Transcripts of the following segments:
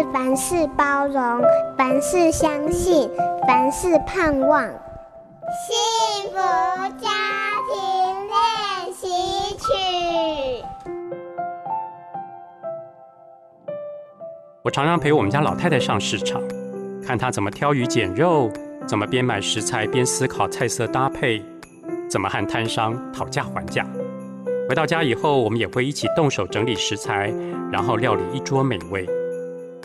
是凡事包容，凡事相信，凡事盼望。幸福家庭練習曲。我常常陪我們家老太太上市場，看她怎麼挑魚撿肉，怎麼邊買食材邊思考菜色搭配，怎麼和攤商討價還價。回到家以後，我們也會一起動手整理食材，然後料理一桌美味。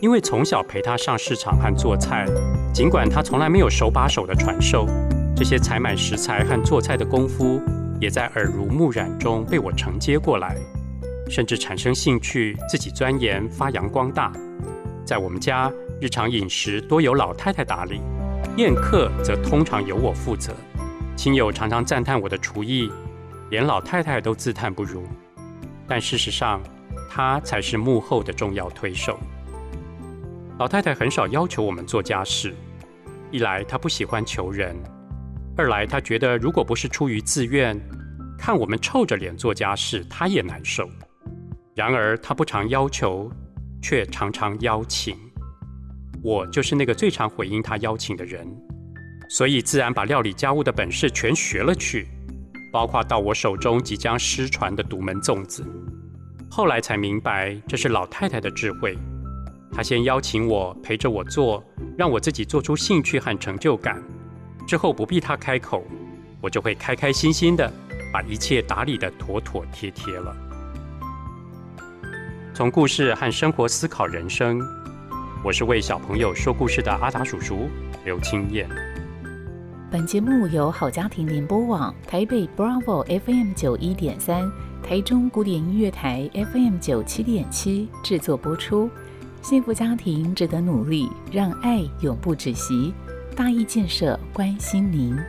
因為從小陪他上市場和做菜，儘管他從來沒有手把手的傳授，這些採買食材和做菜的功夫，也在耳濡目染中被我承接過來，甚至產生興趣，自己鑽研發揚光大。在我們家，日常飲食多由老太太打理，宴客則通常由我負責。親友常常讚嘆我的廚藝，連老太太都自嘆不如。但事實上，她才是幕後的重要推手。老太太很少要求我們做家事，一來她不喜歡求人，二來她覺得如果不是出於自願，看我們臭着臉做家事，她也難受。然而她不常要求，卻常常邀請。我就是那個最常回應她邀請的人，所以自然把料理家務的本事全學了去，包括到我手中即將失傳的獨門粽子。後來才明白，這是老太太的智慧。他先邀請我陪着我做，讓我自己做出興趣和成就感，之後不必他開口，我就會開開心心的把一切打理的妥妥帖帖了。從故事和生活思考人生，我是為小朋友說故事的阿達叔叔劉清彥。本節目由好家庭聯播網台北 Bravo FM 九一點三、台中古典音樂台 FM 九七點七製作播出。幸福家庭值得努力，讓愛永不止息。大邑建設關心您。